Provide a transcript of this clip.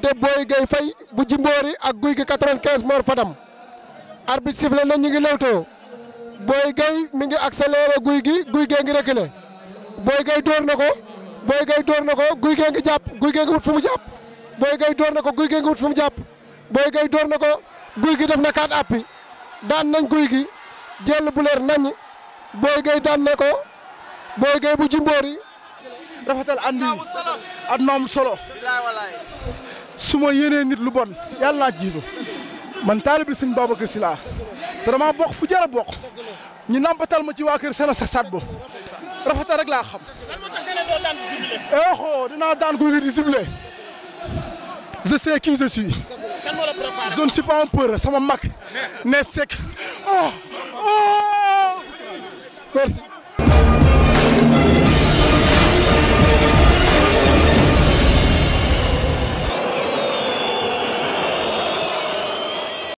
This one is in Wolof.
diggante Boy Gueye Faye bu Jimbori ak guy gi 95 Mor Fadam arbitre sifflé na ñu ngi lewtoo Boy Gueye mi ngi accéléré guy gi guy gee ngi reculé Boy Gueye door na ko Boy Gueye door na ko guy gee ngi jàpp guy gee ngi wut fi mu jàpp Boy Gueye door na ko guy gee ngi wut fi mu jàpp Boy Gueye door na ko guy gi def na kaat appi daan nañ guy gi jël bu leer nañ Boy Gueye daan na ko Boy Gueye bu Jimbori rafetal andi at noom solo su ma yéenee nit lu bon yàlla naa jiitu man taalibi sëñ Babacar Sy laa te dama bokk fu jar a bokk ñu nampatal ma ci waa kër Sena sa Sadbo rafetal rek laa xam. lan moo tax doo daan di ciblé. eh xoo oh, dinaa daan ko di ciblé sama mag. ne sec oh, oh.